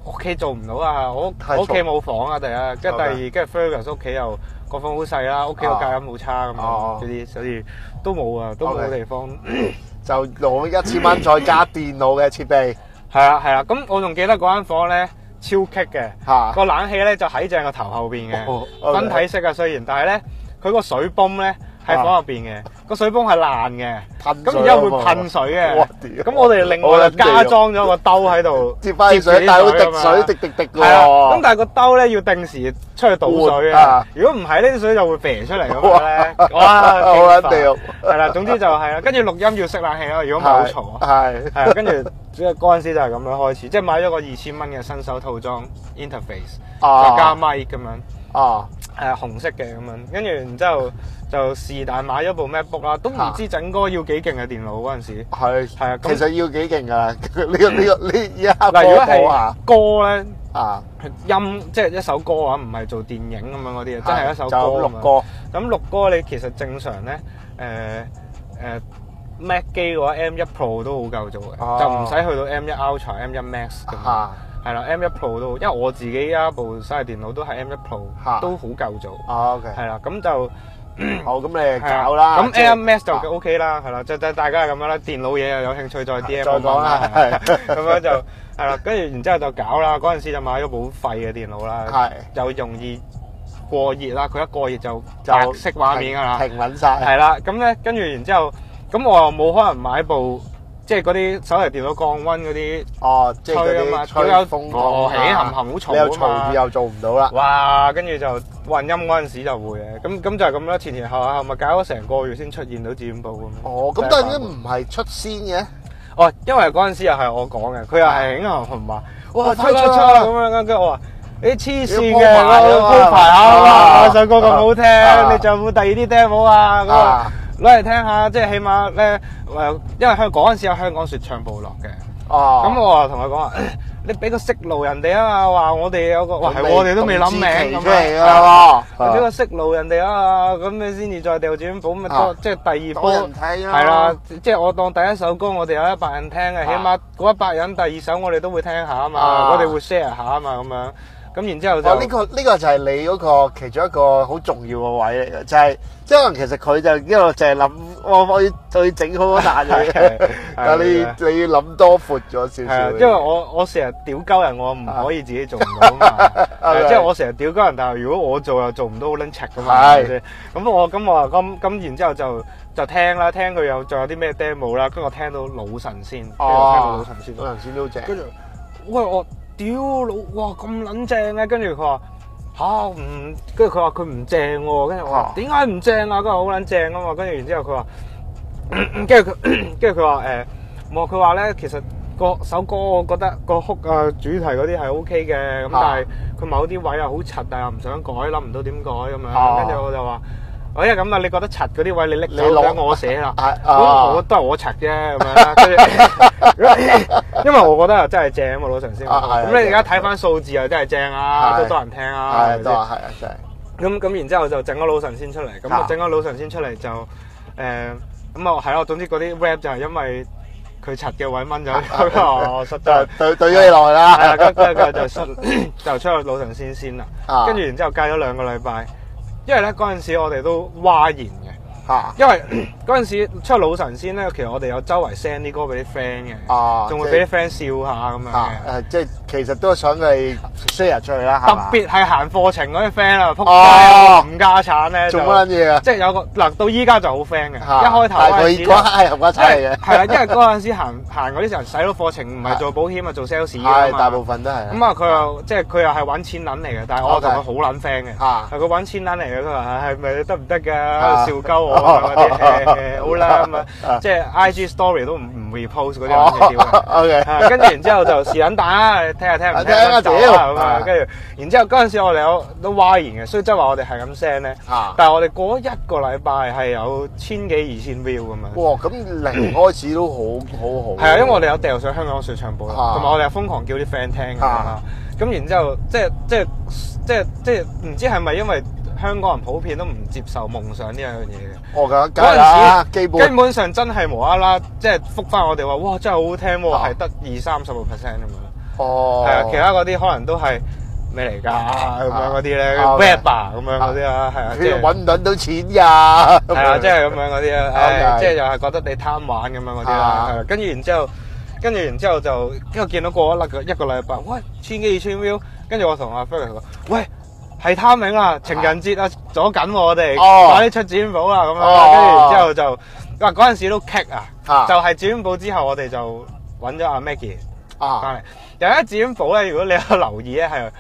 屋企做唔到啊，我我屋企冇房啊，第一。係。即係第二，跟住 Fergus 屋企又個房好細啦，屋企個隔音好差咁。哦。嗰啲所以都冇啊，都冇地方。就攞一千蚊再加電腦嘅設備。係啊係啊，咁我仲記得嗰間房咧超激嘅，個冷氣咧就喺正個頭後邊嘅，分體式啊，雖然但係咧。佢個水泵咧喺房入邊嘅，個水泵係爛嘅，噴水，咁然之後會噴水嘅，咁我哋另外加裝咗個兜喺度，接翻接水，但係會滴水滴滴滴，係啦，咁但係個兜咧要定時出去倒水啊，如果唔係呢啲水就會飛出嚟咁嘅咧，哇，好啊屌，係啦，總之就係啦，跟住錄音要熄冷氣咯，如果唔係好嘈啊，係，係啊，跟住即係嗰陣時就係咁樣開始，即係買咗個二千蚊嘅新手套裝 interface，再加 mic 咁樣。啊，係紅色嘅咁樣，跟住然之後就是但買咗部 MacBook 啦，都唔知整歌要幾勁嘅電腦嗰陣時。係係啊，其實要幾勁噶，呢個呢個呢一下播歌啊。嗱，如果係歌咧啊，音即係一首歌啊，唔係做電影咁樣嗰啲啊，真係一首歌。有六歌。咁六歌你其實正常咧，誒誒 Mac 機嘅話 M 一 Pro 都好夠做嘅，就唔使去到 M 一 Ultra、M 一 Max 咁。係啦，M 一 Pro 都，因為我自己依家部手提電腦都係 M 一 Pro，都好夠做。啊，OK。係啦，咁就，好，咁你搞啦。咁 M 一 Max 就 OK 啦，係啦，就就大家係咁樣啦。電腦嘢又有興趣再啲，再講啦，係咁樣就係啦。跟住然之後就搞啦，嗰陣時就買咗部廢嘅電腦啦，係又容易過熱啦，佢一過熱就就熄畫面噶啦，停穩曬。係啦，咁咧跟住然之後，咁我又冇可能買部。即係嗰啲手提電腦降溫嗰啲，哦吹啊嘛，吹下風，哦起冚冚好嘈，你又嘈住又做唔到啦，哇，跟住就混音嗰陣時就會嘅，咁咁就係咁啦。前前後後咪搞咗成個月先出現到字幕咁咯，哦咁都已經唔係出先嘅，哦因為嗰陣時又係我講嘅，佢又係起冚冚，話哇出啊出啊咁樣。跟住我話你黐線嘅，有鋪排下啦，首歌咁好聽，你仲有冇第二啲 demo 啊咁啊攞嚟聽下，即係起碼咧誒，因為香港嗰陣時有香港說唱部落嘅哦。咁我啊同佢講話，你俾個識路人哋啊嘛，話我哋有個話，我哋都未諗名出嚟啊，俾個識路人哋啊嘛，咁你先至再調轉波咪，多。即係第二波。係啦，即係我當第一首歌，我哋有一百人聽嘅，起碼嗰一百人第二首我哋都會聽下啊嘛，我哋會 share 下啊嘛，咁樣。咁然之後就呢個呢個就係你嗰個其中一個好重要嘅位嚟嘅，就係即係可能其實佢就一路淨係諗我可可以整多啲嘢，但係你你要諗多闊咗少少。因為我我成日屌鳩人，我唔可以自己做唔到啊！即係我成日屌鳩人，但係如果我做又做唔到好撚 check 噶嘛。係咁我咁我咁咁然之後就就聽啦，聽佢有仲有啲咩 demo 啦，跟住我聽到老神仙，聽到老神仙，老神仙都正。跟住餵，我屌老哇咁撚正嘅，跟住佢話吓，唔，跟住佢話佢唔正喎，跟住我話點解唔正啊？跟住好撚正啊嘛，跟住然之後佢話，跟住佢跟住佢話誒，我佢話咧其實個首歌我覺得個曲啊主題嗰啲係 O K 嘅，咁、啊、但係佢某啲位啊好柒，但又唔想改，諗唔到點改咁樣，跟住我就話。我依家咁啦，你覺得柒嗰啲位你拎，你等我寫啦。我都係我柒啫，咁樣啦。因為我覺得又真係正喎老神仙。咁你而家睇翻數字又真係正啊，都多人聽啊，係啊係啊正。咁咁然之後就整個老神仙出嚟，咁整個老神仙出嚟就誒咁啊，係咯。總之嗰啲 rap 就係因為佢柒嘅位掹咗。哦，實在對對咗你耐去啦。係啊，跟跟跟就出就出個老神仙先啦。跟住然之後隔咗兩個禮拜。因為咧嗰陣時我哋都嘩然嘅，嚇， 因為。 嗰陣時出老神仙咧，其實我哋有周圍 send 啲歌俾啲 friend 嘅，仲會俾啲 friend 笑下咁樣嘅。即係其實都想你 share 出嚟啦。特別係行課程嗰啲 friend 啊，撲街冚家產咧，做乜嘢啊？即係有個嗱，到依家就好 friend 嘅。一開頭開始係冚家產嘅，係啊，因為嗰陣時行行嗰啲時候使到課程唔係做保險啊，做 sales 嘅，大部分都係。咁啊，佢又即係佢又係揾錢撚嚟嘅，但係我同佢好撚 friend 嘅。係佢揾錢撚嚟嘅，佢話係咪得唔得㗎？笑鳩我啊啲。誒，好啦咁啊，即係 I G Story 都唔唔 repost 嗰啲咁嘅嘢。O K，跟住然之後就試緊打，看看看看看 嗯、聽下聽唔聽得到咁啊。跟住，然之後嗰陣時我哋有都話言嘅，所以即係話我哋係咁 send 咧。但係我哋過咗一個禮拜係有千幾二千 view 咁啊。哇、哦，咁零開始都好好好。係啊、嗯，因為我哋有掉上香港嘅說唱榜，同埋、啊、我哋係瘋狂叫啲 friend 聽咁、啊、然之後即係即係即係即係唔 i mean, 知係咪因為？香港人普遍都唔接受夢想呢一樣嘢嘅。嗰陣時基本上真係無啦啦，即係覆返我哋話，哇，真係好好聽喎，係得二三十個 percent 咁樣。哦，係啊，啊，其他嗰啲可能都係咩嚟噶咁樣嗰啲咧 b a 吧咁樣嗰啲啦，係啊，即係揾唔到錢啊。係啊，即係咁樣嗰啲啊，即係又係覺得你貪玩咁樣嗰啲啦。係啊，跟住然之後，跟住然之後就因為見到個啦，一個禮拜，喂，千幾二千 view，跟住我同阿 Fergus 佢講，喂。係攤名啊，情人節啊，咗緊我哋快啲出剪報啦咁啊，跟住之後就哇嗰陣時都 cut 啊，就係剪報之後我哋就揾咗阿 Maggie 翻嚟，有一剪報咧，如果你有留意咧，係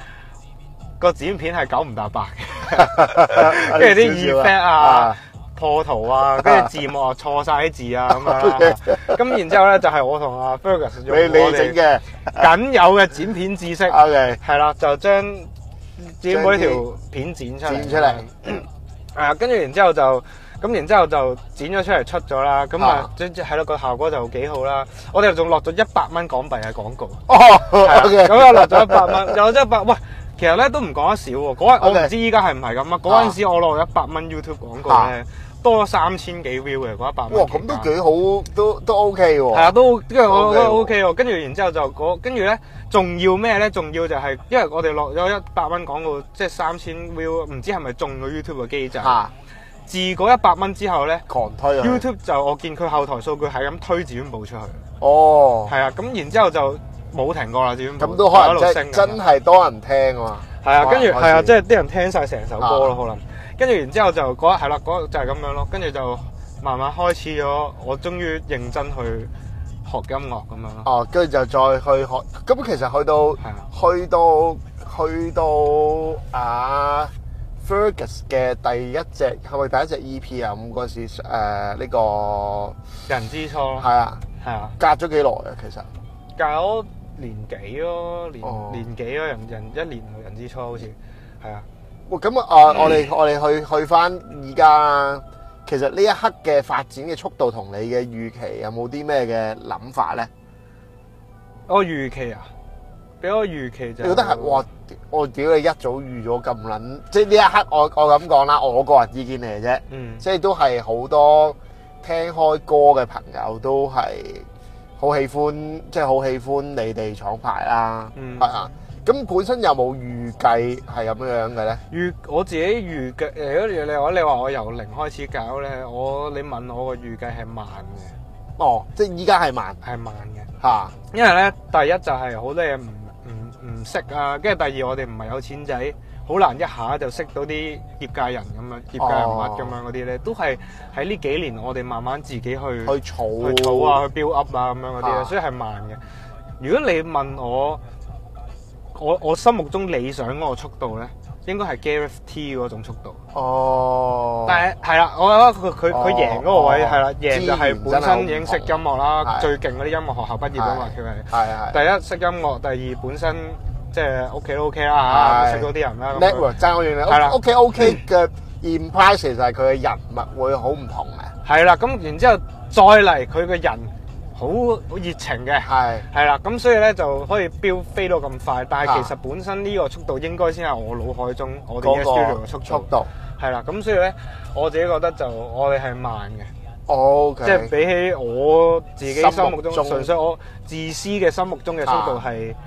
個剪片係九唔搭八，嘅，跟住啲 effect 啊、破圖啊，跟住字幕啊錯晒啲字啊咁啊，咁、 嗯、然之後咧就係、是、我同阿 Fergus 用你你整嘅，僅有嘅剪片知識，係啦、嗯嗯 okay.，就將。將嗰條片剪出嚟，啊，跟住 然之後就，咁然之後就剪咗出嚟出咗啦，咁啊，即係咯個效果就幾好啦。我哋仲落咗一百蚊港幣嘅廣告，哦，咁啊落咗一百蚊，又一百，喂，其實咧都唔講得少喎。嗰日我唔知依家係唔係咁啊。嗰陣時我落一百蚊 YouTube 廣告咧。多三千幾 view 嘅嗰一百蚊，咁都幾好，都都 OK 喎。係啊，都即係我覺得 OK 喎。跟住，然之後就嗰，跟住咧，仲要咩咧？仲要就係，因為我哋落咗一百蚊廣告，即係三千 view，唔知係咪中咗 YouTube 嘅機制。嚇！自嗰一百蚊之後咧，狂推啊，YouTube 就我見佢後台數據係咁推自然播出去。哦，係啊，咁然之後就冇停過啦，自然播一路升。咁都可能即係真係多人聽啊嘛。係啊，跟住係啊，即係啲人聽曬成首歌咯，可能。跟住然之後就嗰日係啦，嗰日就係咁樣咯。跟住就慢慢開始咗，我終於認真去學音樂咁樣咯。哦，跟住就再去學。咁其實去到係啊去到去到啊，Fergus 嘅第一隻係咪第一隻 EP 啊？咁嗰時呢個人之初咯。係啊，係啊。隔咗幾耐啊？其實隔咗年幾咯，年、哦、年幾咯，人人一年後人之初好似係啊。咁啊！我哋我哋去去翻，而家，其實呢一刻嘅發展嘅速度同你嘅預期有冇啲咩嘅諗法咧？我預期啊，俾我預期就，你覺得係我我屌你一早預咗咁撚？即係呢一刻我我咁講啦，我個人意見嚟嘅啫。嗯，即係都係好多聽開歌嘅朋友都係好喜歡，即係好喜歡你哋廠牌啦。係啊、嗯。咁本身有冇預計係咁樣樣嘅咧？預我自己預計誒，如果你話我由零開始搞咧，我你問我個預計係慢嘅。哦，即係依家係慢，係慢嘅嚇。因為咧，第一就係好多嘢唔唔唔識啊，跟住第二我哋唔係有錢仔，好難一下就識到啲業界人咁樣，業界人物咁樣嗰啲咧，都係喺呢幾年我哋慢慢自己去去儲、去儲啊、去 build up 啊咁樣嗰啲，所以係慢嘅。如果你問我，我我心目中理想嗰個速度咧，應該係 Gareth T 嗰種速度。哦。但係係啦，我覺得佢佢佢贏嗰個位係啦，贏就係本身已經識音樂啦，最勁嗰啲音樂學校畢業嘅嘛，佢係。係係。第一識音樂，第二本身即係屋企都 OK 啦，識嗰啲人啦。叻喎，真我原嚟。係啦。屋企 OK 嘅 impression 就係佢嘅人物會好唔同嘅。係啦，咁然之後再嚟佢嘅人。好好熱情嘅，係係啦，咁所以咧就可以飆飛到咁快，啊、但係其實本身呢個速度應該先係我腦海中我哋嘅速度，速度係啦，咁所以咧我自己覺得就我哋係慢嘅，OK，即係比起我自己心目中，心目中純粹我自私嘅心目中嘅速度係、啊，.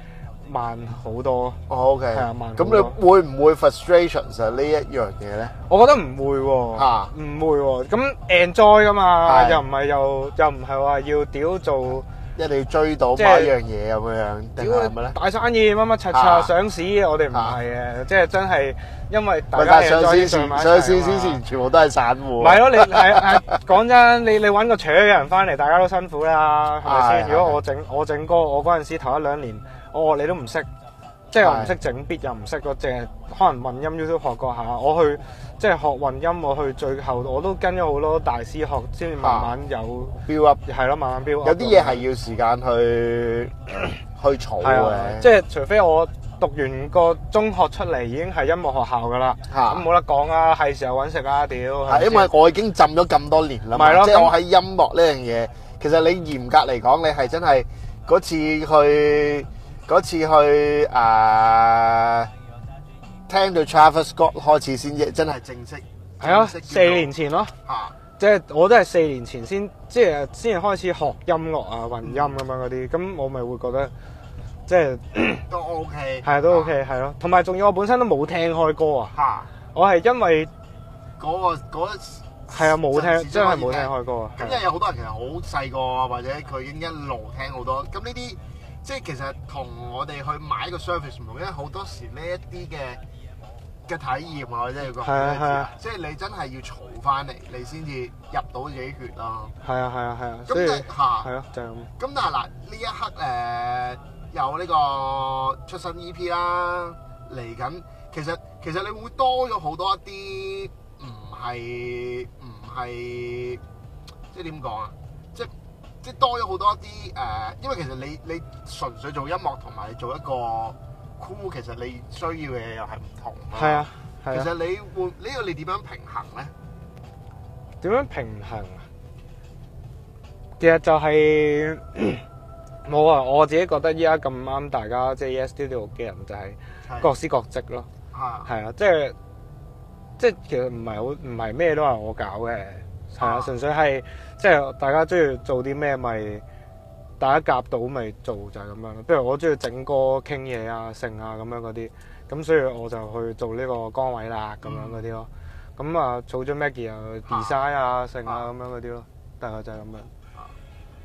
慢好多，OK，哦係啊，慢，咁你會唔會 frustrations 呢一樣嘢咧？我覺得唔會喎，吓唔會喎，咁 enjoy 㗎嘛，又唔係又又唔係話要屌做一定要追到某一樣嘢咁樣，屌乜咧？大生意乜乜柒柒，上市我哋唔係啊，即係真係因為大家上市上市之前全部都係散戶。唔係咯，你係係講真，你你揾個扯嘅人翻嚟，大家都辛苦啦，係咪先？如果我整我整歌，我嗰陣時頭一兩年。哦，你都唔識，即係我唔識整，beat 又唔識咯。淨係可能混音，YouTube 學過下。我去即係學混音，我去最後我都跟咗好多大師學，先慢慢有 build up，係咯，慢慢 build。有啲嘢係要時間去 去儲嘅，即係除非我讀完個中學出嚟已經係音樂學校噶啦，咁冇得講啊，係時候揾食啊，屌！因為我已經浸咗咁多年啦，係咯，即係我喺音樂呢樣嘢，其實你嚴格嚟講，你係真係嗰次去。嗰次去誒聽到 Travis Scott 開始先亦，真係正式。係啊，四年前咯。啊，即係我都係四年前先即係先開始學音樂啊，混音咁樣嗰啲。咁我咪會覺得即係都 OK。係啊，都 OK 係咯。同埋仲要我本身都冇聽開歌啊。嚇！我係因為嗰個嗰係啊，冇聽，真係冇聽開歌啊。咁因為有好多人其實好細個啊，或者佢已經一路聽好多。咁呢啲即係其實同我哋去買個 service 唔同，因為好多時呢一啲嘅嘅體驗啊，即係個，啊、即係你真係要嘈翻嚟，你先至入到自己血咯。係啊係啊係啊！咁啊嚇，係啊，啊，啊，啊就係咁。咁但係嗱，呢一刻誒有呢個出新 EP 啦，嚟緊其實其實你會多咗好多一啲唔係唔係即係點講啊，即係。即多咗好多一啲誒、呃，因為其實你你純粹做音樂同埋做一個個酷，其實你需要嘅又係唔同係啊，係啊。其實你換呢個你點樣平衡咧？點樣平衡啊？其實就係、是、冇 啊！我自己覺得依家咁啱，大家即係、就是、Yack Studio 嘅人就係各司各職咯。係啊，係啊，即係即係其實唔係好唔係咩都係我搞嘅。係啊，純粹係即係大家中意做啲咩咪，大家夾到咪做就係咁樣咯。不如我中意整歌傾嘢啊、盛啊咁樣嗰啲，咁所以我就去做呢個崗位啦咁樣嗰啲咯。咁啊，做咗 Maggie 啊、Design 啊、盛啊咁樣嗰啲咯。大概就係咁樣。啊，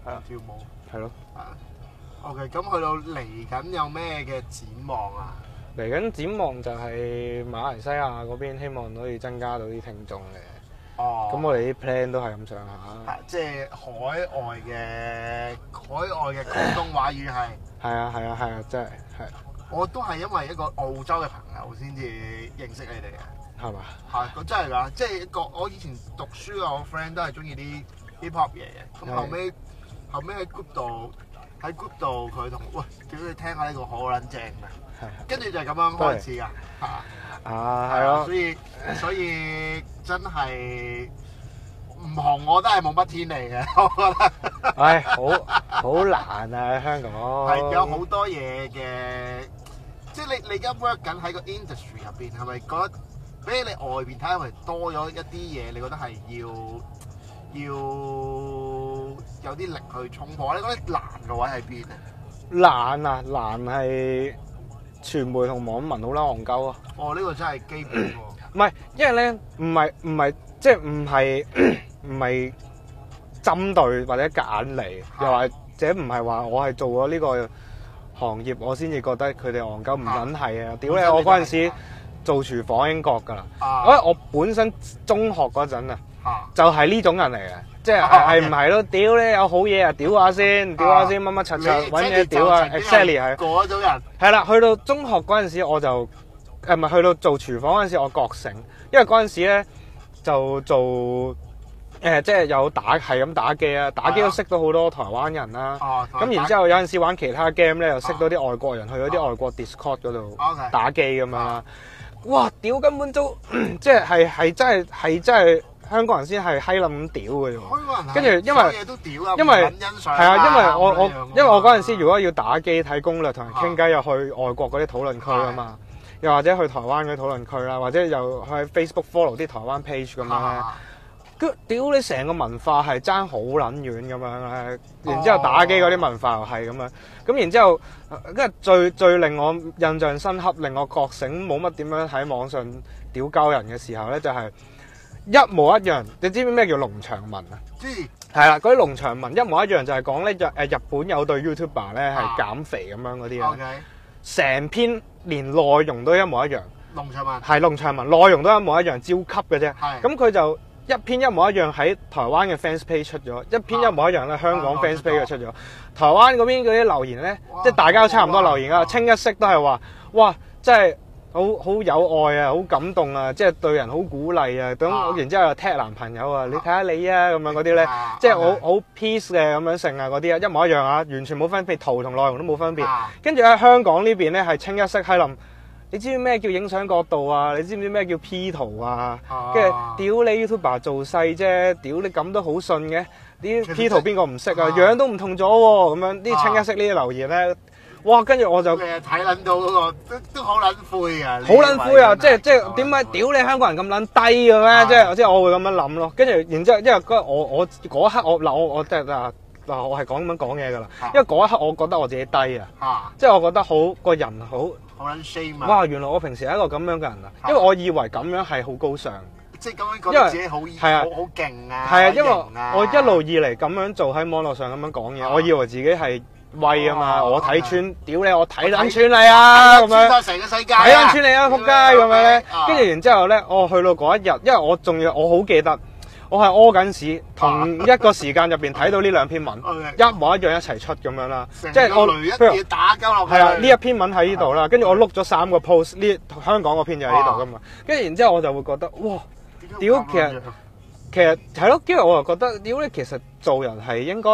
係啊。跳舞。係咯。啊。O.K. 咁去到嚟緊有咩嘅展望啊？嚟緊展望就係馬來西亞嗰邊，希望可以增加到啲聽眾嘅。哦，咁我哋啲 plan 都係咁上下，即係海外嘅，海外嘅廣東話語係，係啊，係啊，係啊，真係，係。我都係因為一個澳洲嘅朋友先至認識你哋嘅，係嘛？係，咁真係㗎，即係個我以前讀書嘅我 friend 都係中意啲 hiphop 嘢嘅，咁後尾後尾喺 group 度喺 group 度佢同喂，叫你聽下呢個好撚正嘅。.跟住就係咁樣開始噶，吓，啊，係咯，所以所以真係唔紅我都係冇乜天理嘅，我覺得。唉，好好難啊，喺香港。係有好多嘢嘅，即係你你而家 work 緊喺個 industry 入邊，係咪覺得比起你外邊睇，係咪多咗一啲嘢？你覺得係要要有啲力去衝破？你覺得難嘅位喺邊啊？難啊，難係。傳媒同網民好啦，戇鳩啊！哦，呢個真係基本喎。唔係， 因為咧，唔係唔係，即係唔係唔係針對或者隔眼嚟，又或者唔係話我係做咗呢個行業，我先至覺得佢哋戇鳩唔緊係啊！屌你、啊，我嗰陣時做廚房英國㗎啦，因為、啊、我本身中學嗰陣啊。就係呢種人嚟嘅，即係係唔係咯？屌咧、啊，有好嘢啊！屌下先，屌下先，乜乜柒柒，揾嘢屌啊！Excel 係嗰種人，係、就、啦、是就是。去到中學嗰陣時，我就誒唔係去到做廚房嗰陣時，我覺醒，因為嗰陣時咧就做誒，即、呃、係、就是、有打係咁打機啊，打機都識到好多台灣人啦。咁、嗯哦、然之後有陣時玩其他 game 咧，又識到啲外國人、啊、去咗啲外國 Discord 嗰度打機咁啦。哇、ouais！屌根本都即係係真係係真係。香港人先係閪撚咁屌嘅啫喎，跟住因為因為，係啊，因為我我因為我嗰陣時如果要打機睇攻略同人傾偈，又去外國嗰啲討論區啊嘛，又或者去台灣嗰啲討論區啦，或者又去 Facebook follow 啲台灣 page 咁樣咧，屌你成個文化係爭好撚遠咁樣咧，然之後打機嗰啲文化又係咁樣，咁然之後，跟住最最令我印象深刻，令我覺醒冇乜點樣喺網上屌鳩人嘅時候咧，就係，一模一樣，你知唔知咩叫農場文啊？知、嗯。係啦，嗰啲農場文一模一樣，就係講咧，日誒日本有對 YouTuber 咧係減肥咁樣嗰啲啊。okay。成篇連內容都一模一樣。農場文。係農場文，內容都一模一樣，招級嘅啫。係是。咁佢就一篇一模一樣喺台灣嘅 fans page 出咗，一篇一模一樣喺香港 fans page 出咗。啊嗯、台灣嗰邊嗰啲留言呢，即係哇大家都差唔多留言啊，哇哇清一色都係話：哇，真係。好好有愛啊，好感動啊，即係對人好鼓勵啊，咁然之後又踢男朋友啊，你睇下你啊咁樣嗰啲咧，即係好好 peace 嘅咁樣性啊，嗰啲啊，一模一樣啊，完全冇分別，圖同內容都冇分別。跟住喺香港呢邊咧係清一色係林，你知唔知咩叫影相角度啊？你知唔知咩叫 P 圖啊？跟住屌你 YouTuber 做勢啫，屌你咁都好信嘅？啲 P 圖邊個唔識啊？樣都唔同咗喎，咁樣呢啲清一色呢啲留言咧。哇！跟住我就睇撚到嗰個都都好撚灰啊！好撚灰啊！即即點解屌你香港人咁撚低嘅咩？即即我會咁樣諗咯。跟住然之後，因為嗰我我嗰一刻我嗱我我即係嗱嗱我係講咁樣講嘢噶啦。因為嗰一刻我覺得我自己低啊，即係我覺得好個人好好撚 shame。哇！原來我平時係一個咁樣嘅人啊，因為我以為咁樣係好高尚，即係咁樣覺得自己好，係啊，好勁啊，係啊，因為我一路以嚟咁樣做喺網絡上咁樣講嘢，我以為自己係。威啊嘛！我睇穿，屌你！我睇緊穿你啊！咁樣成個世界睇緊穿你啊！撲街咁樣咧，跟住然之後咧，我去到嗰一日，因為我仲要，我好記得，我係屙緊屎，同一個時間入邊睇到呢兩篇文，一模一樣一齊出咁樣啦。即係我，譬如打鳩落去。係啊，呢一篇文喺呢度啦，跟住我碌咗三個 post，呢香港嗰篇就喺呢度㗎嘛。跟住然之後我就會覺得，哇！屌，其實其實係咯，跟住我就覺得，屌你，其實做人係應該。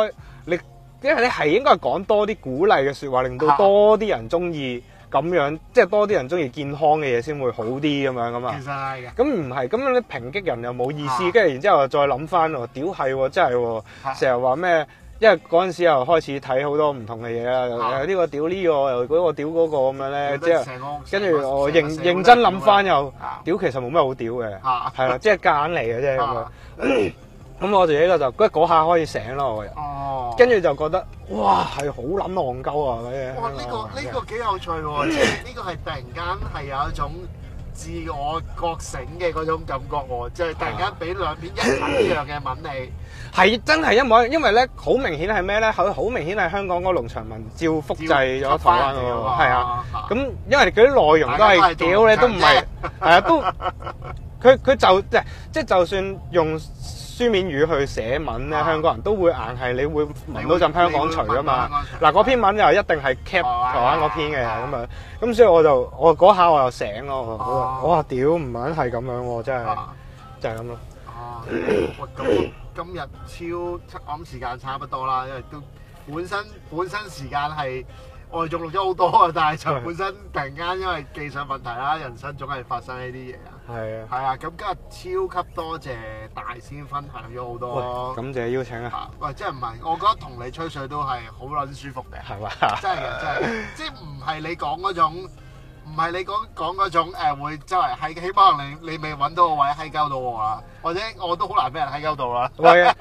因為你係應該講多啲鼓勵嘅説話，令到多啲人中意咁樣，即係多啲人中意健康嘅嘢先會好啲咁樣咁啊。其實係嘅。咁唔係咁樣咧，抨擊人又冇意思。跟住是然之後再諗翻喎，屌係真係，成日話咩？因為嗰陣時又開始睇好多唔同嘅嘢啊，呢個屌呢個又嗰個屌嗰個咁樣咧，即係跟住我認我認真諗翻又屌，其實冇咩好屌嘅，係啦的，即係夾硬嚟嘅啫。 咁我哋呢個就嗰下可以醒咯，我跟住就覺得哇係好撚戇鳩啊！啲哇呢、呢個呢、呢個幾有趣喎，呢個係突然間係有一種自我覺醒嘅嗰種感覺喎，即、啊、係、即係、突然間俾兩邊一、啊、一,一樣嘅吻你，係真係一模一樣，因為因為咧好明顯係咩咧？好好明顯係香港嗰農場文照複製咗台灣嘅喎，係啊，咁因為佢啲內容都係屌咧，已 都唔係係啊都佢佢就即即就算用。書面語去寫文咧，香港人都會硬係，你會聞到陣香港馴㗎嘛。嗱，嗰篇文又一定係 cap 台灣嗰篇嘅咁樣。咁所以我就我嗰下我又醒咯，我話我話屌唔揾係咁樣喎，真係就係咁咯。哦，喂，今今日超我諗時間差不多啦，因為都本身本身時間係我哋仲錄咗好多啊，但係就本身突然間因為技術問題啦，人生總係發生呢啲嘢啊。係啊，係啊，咁今日超級多謝大仙分享咗好多。感謝邀請啊！喂，即係唔係？我覺得同你吹水都係好卵舒服嘅，係嘛吧？真係嘅，真係，即係唔係你講嗰種，唔係你講講嗰種誒、啊，會周圍喺起碼你你未揾到個位 hi 鳩到我啦，或者我都好難俾人 hi 鳩到啦。係啊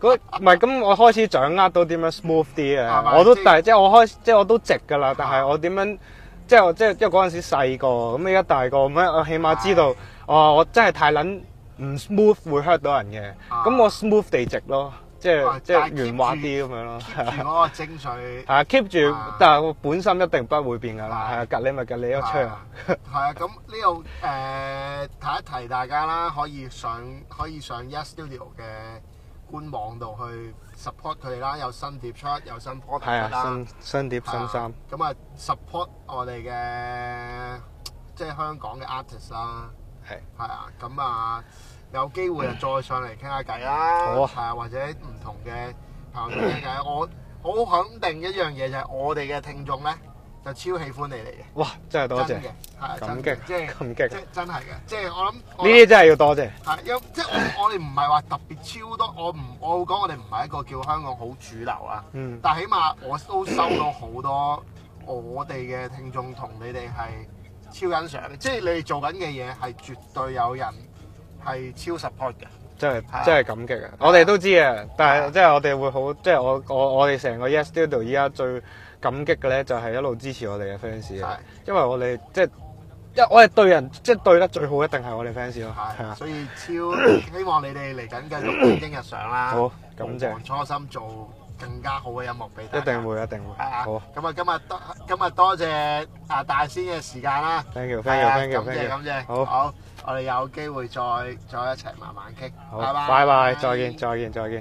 喂，嗰唔係咁，我開始掌握到點樣 smooth 啲嘅，吧我都但係即係我開即係我都直噶啦，但係我點樣？ 即係即係，因為嗰陣時細個，咁而家大個，咁樣我起碼知道，的哦，我真係太撚唔 smooth 會 hurt 到人嘅，咁的我 smooth 地直咯，即係、啊、即係圓滑啲咁樣咯。keep 住嗰個精髓。係啊，keep 住，但係我本身一定不會變噶啦。係啊的，隔你咪隔你一出槍。係啊的，咁呢度誒提一提大家啦，可以上可以上 Yack Studio 嘅。官望度去 support 佢哋啦，有新碟出，有新 p r 新新碟新衫。咁啊，support 我哋嘅即係香港嘅 artist 啦，係係是啊，咁啊有機會又再上嚟傾下偈啦，好、嗯，係啊，或者唔同嘅朋友傾下偈。我好肯定一樣嘢就係我哋嘅聽眾咧。就超喜歡你哋嘅，哇！真係多謝，真嘅，係感激，感激，真係嘅。即係我諗呢啲真係要多謝。係，因即係我哋唔係話特別超多，我唔我會講我哋唔係一個叫香港好主流啊。嗯。但起碼我都收到好多我哋嘅聽眾同你哋係超欣賞，即係你哋做緊嘅嘢係絕對有人係超 support 嘅。真係真係感激啊！我哋都知啊，但係即係我哋會好，即係我我我哋成個 Yack Studio 依家最。感激嘅咧，就係一路支持我哋嘅 fans 啊，因為我哋即係，我哋對人即係對得最好，一定係我哋 fans 咯，係啊。所以超希望你哋嚟緊繼續蒸蒸日上啦。好，感謝。不忘初心，做更加好嘅音樂俾大家。一定會，一定會。好。咁啊，今日多，今日多謝阿大仙嘅時間啦。thank you，thank you，thank you，感謝感謝。好。好，我哋有機會再再一齊慢慢傾，好。拜拜，拜拜，再見，再見，再見。